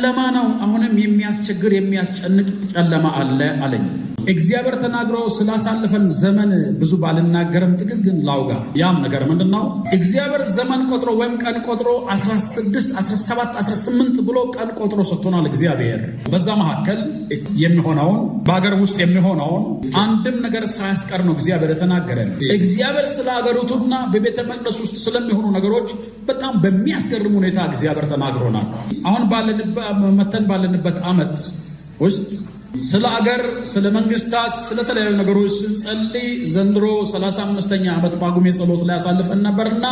ጨለማ ነው፣ አሁንም የሚያስቸግር የሚያስጨንቅ ጨለማ አለ አለኝ። እግዚአብሔር ተናግሮ ስላሳለፈን ዘመን ብዙ ባልናገርም ጥቂት ግን ላውጋ። ያም ነገር ምንድን ነው? እግዚአብሔር ዘመን ቆጥሮ ወይም ቀን ቆጥሮ 16፣ 17፣ 18 ብሎ ቀን ቆጥሮ ሰጥቶናል እግዚአብሔር። በዛ መካከል የሚሆነውን በሀገር ውስጥ የሚሆነውን አንድም ነገር ሳያስቀር ነው እግዚአብሔር የተናገረን። እግዚአብሔር ስለ ሀገሪቱና በቤተ መቅደስ ውስጥ ስለሚሆኑ ነገሮች በጣም በሚያስገርም ሁኔታ እግዚአብሔር ተናግሮናል። አሁን መተን ባለንበት ዓመት ውስጥ ስለ አገር፣ ስለ መንግስታት፣ ስለተለያዩ ነገሮች ስንጸልይ ዘንድሮ 35 አምስተኛ ዓመት ጳጉሜ ጸሎት ላይ ነበር ነበርና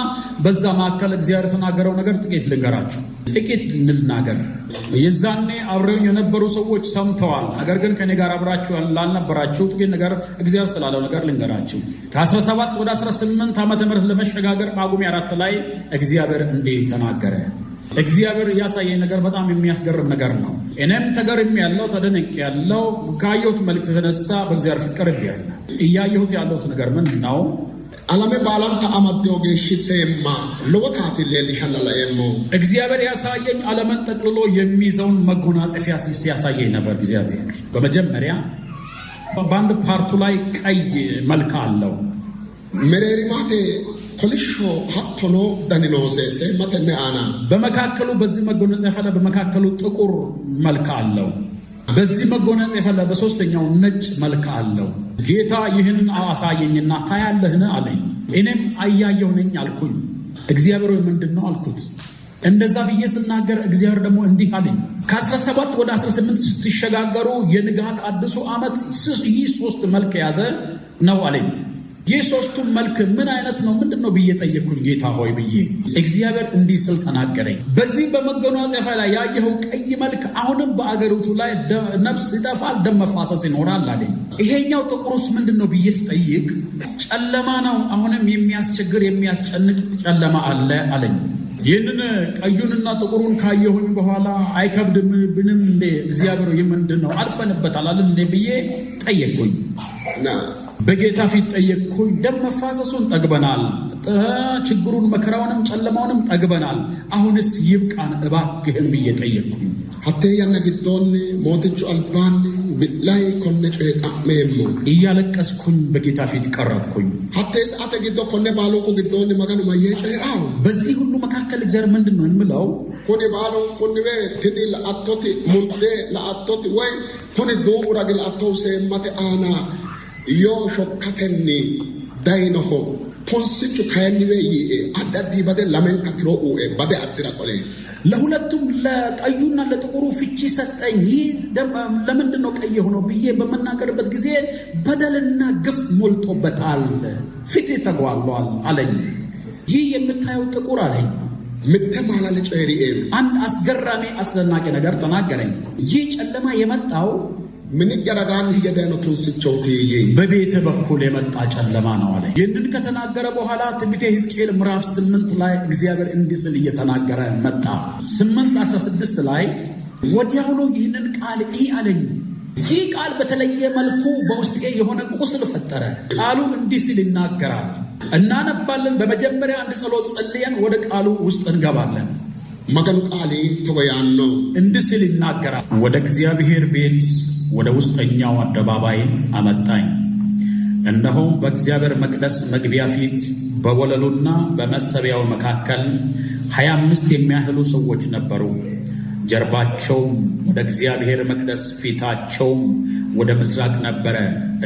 በዛ መካከል እግዚአብሔር የተናገረው ነገር ጥቂት ልንገራችሁ፣ ጥቂት ልናገር። የዛኔ አብረውኝ የነበሩ ሰዎች ሰምተዋል። ነገር ግን ከኔ ጋር አብራችሁ ላልነበራችሁ ጥቂት ነገር እግዚአብሔር ስላለው ነገር ልንገራችሁ። ከ17 ወደ 18 ዓመተ ምህረት ለመሸጋገር ጳጉሜ አራት ላይ እግዚአብሔር እንዲህ ተናገረ። እግዚአብሔር እያሳየ ነገር በጣም የሚያስገርም ነገር ነው። እኔም ተገርም ያለው ተደነቅ ያለው ካየሁት መልእክት የተነሳ በእግዚአብሔር ፍቅር ያለ እያየሁት ያለሁት ነገር ምን ነው? አላሜ በአላም ተአማደው ሴማ ለወቃት ሌልሻላላ የሞ እግዚአብሔር ያሳየኝ ዓለምን ጠቅልሎ የሚይዘውን መጎናጸፊያ ሲያሳየኝ ነበር። እግዚአብሔር በመጀመሪያ በአንድ ፓርቱ ላይ ቀይ መልክ አለው ሜሬሪማቴ በመካከሉ በዚህ መጎናጸፊያ ላይ በመካከሉ ጥቁር መልክ አለው። በዚህ መጎናጸፊያ ላይ በሶስተኛው ነጭ መልክ አለው። ጌታ ይህን አሳየኝና ታያለህን አለኝ። እኔም አያየሁ ነኝ አልኩኝ። እግዚአብሔር ወይ ምንድን ነው አልኩት። እንደዛ ብዬ ስናገር እግዚአብሔር ደግሞ እንዲህ አለኝ። ከ17 ወደ 18 ስትሸጋገሩ የንጋት አዲሱ ዓመት ይህ ሶስት መልክ የያዘ ነው አለኝ። ይህ ሶስቱም መልክ ምን አይነት ነው? ምንድን ነው ብዬ ጠየቅኩኝ። ጌታ ሆይ ብዬ እግዚአብሔር እንዲህ ስል ተናገረኝ። በዚህ በመጎናጸፊያ ላይ ያየኸው ቀይ መልክ አሁንም በአገሪቱ ላይ ነፍስ ይጠፋል፣ ደም መፋሰስ ይኖራል አለኝ። ይሄኛው ጥቁሩስ ምንድን ነው ብዬ ስጠይቅ ጨለማ ነው፣ አሁንም የሚያስቸግር የሚያስጨንቅ ጨለማ አለ አለኝ። ይህንን ቀዩንና ጥቁሩን ካየሁኝ በኋላ አይከብድብንም እንዴ? እግዚአብሔር ይህ ምንድን ነው አልፈንበታል አለ ብዬ ጠየቅኩኝ። በጌታ ፊት ጠየቅኩኝ። ደም መፋሰሱን ጠግበናል፣ ችግሩን፣ መከራውንም፣ ጨለማውንም ጠግበናል። አሁንስ ይብቃን እባክህን ብዬ ጠየቅኩኝ። ሀቴያና ግዶን ሞትቹ አልባን ላይ ኮነ ጮ ጣሜሞ እያለቀስኩኝ በጌታ ፊት ቀረብኩኝ። ሀቴ ሰአተ ግዶ ኮነ ባሎቁ ግዶን መገኑ ማየ ጨራው በዚህ ሁሉ መካከል እግዚአብሔር ምንድን ነው የምለው ኩኒ ባሎ ኩኒ ቤ ትኒ ለአቶቲ ሙርዴ ለአቶቲ ወይ ኩኒ ዱኡራ ግልአቶው ሴመቴ አና yoo shokkatenni dayinoho tonsichu ከያኒዌ ይኤ አዳዲ በደ ለመንከ ትሮ ኡኤ በደ አድራ ቆሌ ለሁለቱም ለቀዩና ለጥቁሩ ፍቺ ሰጠኝ። ይህ ለምንድን ነው ቀይ ሆኖ ብዬ በመናገርበት ጊዜ በደልና ግፍ ሞልቶበታል። ፊት ተጓሏል አለኝ። ይህ የምታየው ጥቁር አለኝ። ምትማላለጨ ሪኤ አንድ አስገራሚ አስደናቂ ነገር ተናገረኝ። ይህ ጨለማ የመጣው ምን ይደረጋል? በቤተ በኩል የመጣ ጨለማ ነው አለ። ይህንን ከተናገረ በኋላ ትንቢተ ሕዝቅኤል ምዕራፍ ስምንት ላይ እግዚአብሔር እንዲህ እየተናገረ መጣ። ስምንት አስራ ስድስት ላይ ወዲያውኑ ይህንን ቃል ይህ አለኝ። ይህ ቃል በተለየ መልኩ በውስጤ የሆነ ቁስል ፈጠረ። ቃሉ እንዲህ ሲል ይናገራል። እናነባለን። በመጀመሪያ አንድ ጸሎት ጸልየን ወደ ቃሉ ውስጥ እንገባለን። መገን ቃሌ ተወያነው እንዲህ ሲል ይናገራል። ወደ እግዚአብሔር ቤት ወደ ውስጠኛው አደባባይ አመጣኝ። እነሆም በእግዚአብሔር መቅደስ መግቢያ ፊት በወለሉና በመሰቢያው መካከል ሀያ አምስት የሚያህሉ ሰዎች ነበሩ። ጀርባቸውም ወደ እግዚአብሔር መቅደስ ፊታቸውም ወደ ምስራቅ ነበረ።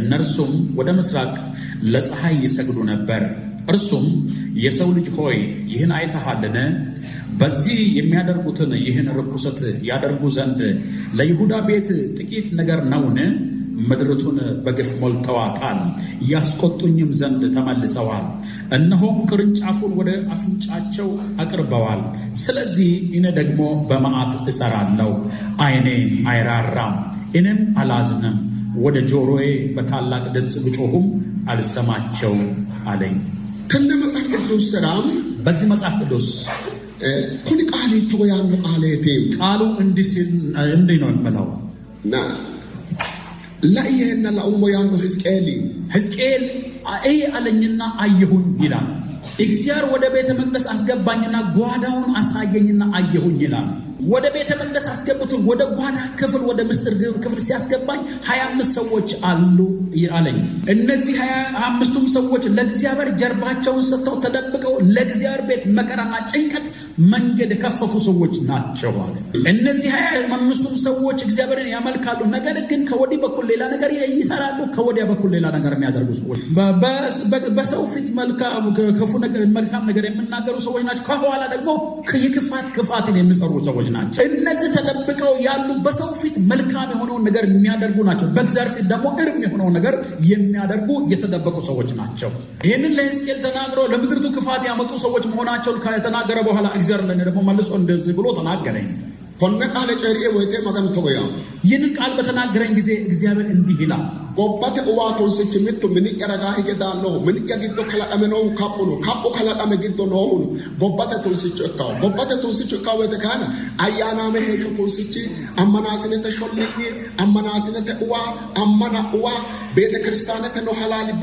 እነርሱም ወደ ምስራቅ ለፀሐይ ይሰግዱ ነበር። እርሱም የሰው ልጅ ሆይ ይህን አይተሃልን? በዚህ የሚያደርጉትን ይህን ርኩሰት ያደርጉ ዘንድ ለይሁዳ ቤት ጥቂት ነገር ነውን? ምድርቱን በግፍ ሞልተዋታል፣ ያስቆጡኝም ዘንድ ተመልሰዋል። እነሆም ቅርንጫፉን ወደ አፍንጫቸው አቅርበዋል። ስለዚህ እኔ ደግሞ በመዓት እሰራለሁ፣ ዓይኔ አይራራም፣ እኔም አላዝንም። ወደ ጆሮዬ በታላቅ ድምፅ ብጮሁም አልሰማቸው አለኝ። ከነ መጽሐፍ ቅዱስ ስራም በዚህ መጽሐፍ ቅዱስ ቃል ቃሉ እንዲህ ሲል እንዲህ ነው የምለው ለእየህና ለኡሞ ያሉ ህዝቅኤል ህዝቅኤል ይህ አለኝና አየሁኝ ይላል። እግዚአብሔር ወደ ቤተ መቅደስ አስገባኝና ጓዳውን አሳየኝና አየሁኝ ይላል። ወደ ቤተ መቅደስ አስገብቶ ወደ ጓዳ ክፍል ወደ ምስጢር ክፍል ሲያስገባኝ ሀያ አምስት ሰዎች አሉ አለኝ። እነዚህ ሀያ አምስቱም ሰዎች ለእግዚአብሔር ጀርባቸውን ሰጥተው ተደብቀው ለእግዚአብሔር ቤት መከራና ጭንቀት መንገድ የከፈቱ ሰዎች ናቸው አለ። እነዚህ ሀያ አምስቱም ሰዎች እግዚአብሔርን ያመልካሉ። ነገር ግን ከወዲህ በኩል ሌላ ነገር ይሰራሉ፣ ከወዲያ በኩል ሌላ ነገር የሚያደርጉ ሰዎች፣ በሰው ፊት ክፉ መልካም ነገር የምናገሩ ሰዎች ናቸው። ከኋላ ደግሞ የክፋት ክፋትን የሚሰሩ ሰዎች ናቸው። እነዚህ ተደብቀው ያሉ በሰው ፊት መልካም የሆነውን ነገር የሚያደርጉ ናቸው። በእግዚአብሔር ፊት ደግሞ እርም የሆነውን ነገር የሚያደርጉ የተደበቁ ሰዎች ናቸው። ይህንን ለሕዝቅኤል ተናግሮ ለምድርቱ ክፋት ያመጡ ሰዎች መሆናቸውን ከተናገረ በኋላ ሲገርመን ደግሞ መልሶ እንደዚህ ብሎ ተናገረኝ። ኮነ ቃለ ጨርኤ ወይቴ መቀምቶ ያ ይህንን ቃል በተናገረኝ ጊዜ እግዚአብሔር እንዲህ ይላል ጎባቴ ኡዋቶንስች ሚቱ ምንቄ ረጋ ሂጌዳለሁ ምንቄ ግዶ ከለቀመ ነው ካቡ ነው ካቡ ከለቀመ ግዶ ነው ሁኑ ቱንስች እካው ጎባቴ ቱንስች እካው ወይተ ካነ አያናመ ሄሾ ቱንስች አመናስነ ሾልኝ አመናስነ ተእዋ አመና እዋ ቤተ ክርስቲያነተ ነው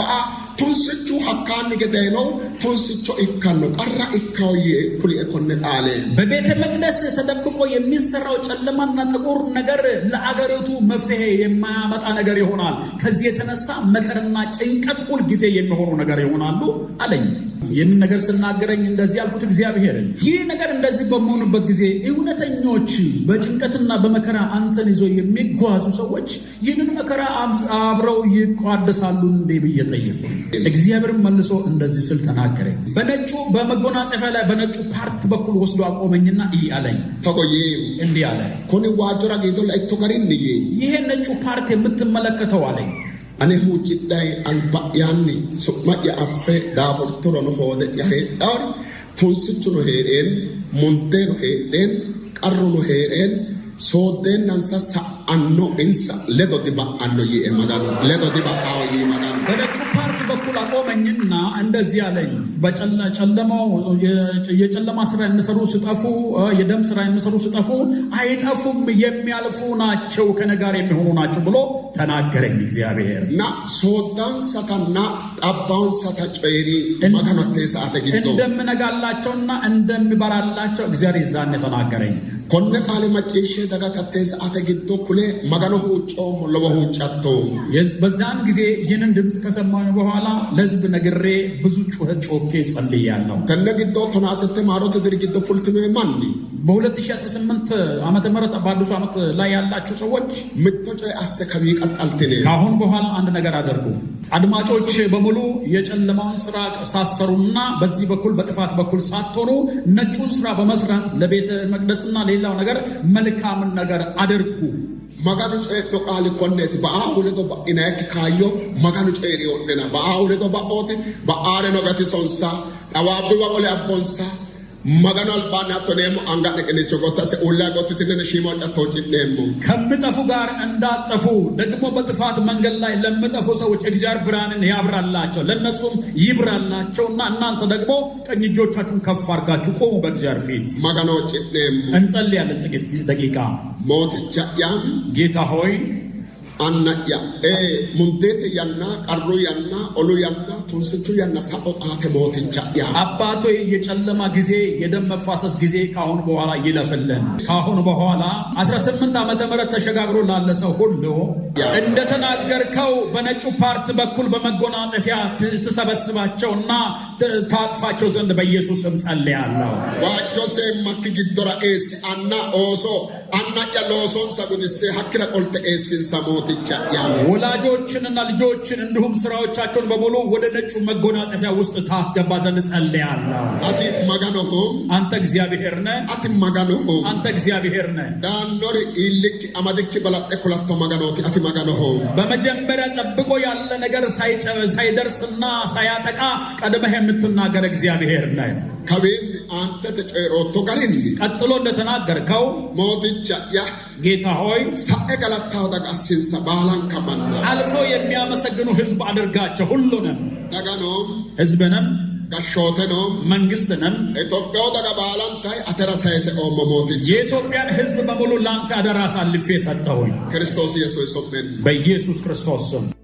በአ tonsichu hakkaanni gedayለው ቶንስቾ ኢካን ነው ቀራ ኢካው የኩል የኮነ ጣለ በቤተ መቅደስ ተደብቆ የሚሰራው ጨለማና ጥቁር ነገር ለአገሪቱ መፍትሄ የማያመጣ ነገር ይሆናል። ከዚህ የተነሳ መከርና ጭንቀት ሁል ጊዜ የሚሆኑ ነገር ይሆናሉ አለኝ። ይህን ነገር ስናገረኝ እንደዚህ ያልኩት እግዚአብሔርን። ይህ ነገር እንደዚህ በመሆኑበት ጊዜ እውነተኞች በጭንቀትና በመከራ አንተን ይዞ የሚጓዙ ሰዎች ይህንን መከራ አብረው ይቋደሳሉ እንዴ ብዬ ጠየቁ። እግዚአብሔርን መልሶ እንደዚህ ስል ተናገረኝ። በነጩ በመጎናጸፊያ ላይ በነጩ ፓርት በኩል ወስዶ አቆመኝና ይህ አለኝ፣ ተቆየ እንዲህ አለ ኮኒ ዋጆራ ጌቶ ላይቶ ጋር ይሄ ነጩ ፓርት የምትመለከተው አለኝ ane huucidday alba'yaanni su'ma'ya affe daafortorono hooda'ya heedhaari tonsichuno hee'een mondeeno heedheen qarruno hee'een sooddeenansa sa'anno insa ledo diba'anno ይህ ይመዳል። ledo diba'aው ይህ ይመዳል። በነጩ ፓርት በኩል አቆመኝና እንደዚህ አለኝ። በጨለማው የጨለማ ስራ የሚሰሩ ስጠፉ፣ የደም ስራ የሚሰሩ ስጠፉ አይጠፉም፣ የሚያልፉ ናቸው፣ ከእኔ የሚሆኑ ናቸው ብሎ ተናገረኝ እግዚአብሔር እና ሶዳንሳታና ጣባውንሳታ ጨሪ ማከመቴ ሰዓተ እንደምነጋላቸውና እንደሚበራላቸው እግዚአብሔር ይዛን ተናገረኝ። konne qaale macciishshe daga katteessa'ate giddo kule magano huuccoomo lowo huuccatto በዛን ጊዜ ይህንን ድምፅ ከሰማኝ በኋላ ለሕዝብ ነግሬ ብዙ ጩኸት ጮኬ ጸልያለሁ ከነ ግዶ ተናስተ ማሮት ድር ግዶ ፉልትኖ ማን በ2018 ዓመተ ምህረት በአዲሱ ዓመት ላይ ያላችሁ ሰዎች ምቶጨ አሰካቢ ቀጣልት ከአሁን በኋላ አንድ ነገር አደርጉ። አድማጮች በሙሉ የጨለማውን ስራ ሳሰሩና በዚህ በኩል በጥፋት በኩል ሳትሆኑ ነጩን ስራ በመስራት ለቤተ መቅደስና ሌላው ነገር መልካምን ነገር አደርጉ። መጋኑ ጨዶ ቃል በአሁለቶ ኢናክ ካዮ መጋኑ ጨሪ ወደና በአሁለቶ በኦት በአረ ነገት ሶንሳ ጠዋቢ አቦንሳ መገናልባናቶኔሞ አንጋነቅንቸጎታሴ ኡላጎትትንን ሺማ ጨቶችኔሞ ከሚጠፉ ጋር እንዳጠፉ ደግሞ በጥፋት መንገድ ላይ ለሚጠፉ ሰዎች እግዚአብሔር ብርሃንን ያብራላቸው ለእነሱም ይብራላቸውና እናንተ ደግሞ ቀኝ እጆቻችሁን ከፍ አድርጋችሁ ቆሙ በእግዚአብሔር ፊት። መገናዎችኔሞ እንጸልያለን ጥቂት ደቂቃ። ሞትቻያም ጌታ ሆይ አናያ ሙንቴት ያና ቀሩ ያና ኦሉ ያና ስቱ ሞትንቻ ያ አባቶ የጨለማ ጊዜ የደም መፋሰስ ጊዜ ከአሁን በኋላ ይለፍልን። ከአሁን በኋላ 18 ዓመተ ምህረት ተሸጋግሮ ላለ ሰው ሁሉ እንደተናገርከው በነጩ ፓርት በኩል በመጎናጸፊያ ትሰበስባቸውና ታጥፋቸው ዘንድ በኢየሱስ ስም ጸልያለሁ። ወላጆችንና ልጆችን እንዲሁም ስራዎቻቸውን በሙሉ ወደ ነጩ መጎናጸፊያ ውስጥ ታስገባ ዘንድ ጸልያለሁ። አንተ እግዚአብሔር ነህ። አንተ እግዚአብሔር ነህ። በመጀመሪያ ጠብቆ ያለ ነገር ሳይደርስና ሳያጠቃ ቀድመህ የምትናገር እግዚአብሔር ነ ከቤት አንተ ተጨሮቶ ጋር ቀጥሎ እንደተናገርከው ሞትቻ ጌታ ሆይ ሳኤ ገለታው ዳጋሲንሳ ባላንካ ማንዳ አልፎ የሚያመሰግኑ ህዝብ አድርጋቸው ሁሉንም ዳጋኖም ህዝብንም ጋሾተኖም መንግስትንም ኢትዮጵያው ዳጋ ባላንታይ አተራሳይሰ ኦሞሞት የኢትዮጵያን ህዝብ በሙሉ ላንተ አደራ አሳልፌ ሰጠሁኝ። ክርስቶስ ኢየሱስ ሶሜን በኢየሱስ ክርስቶስ ስም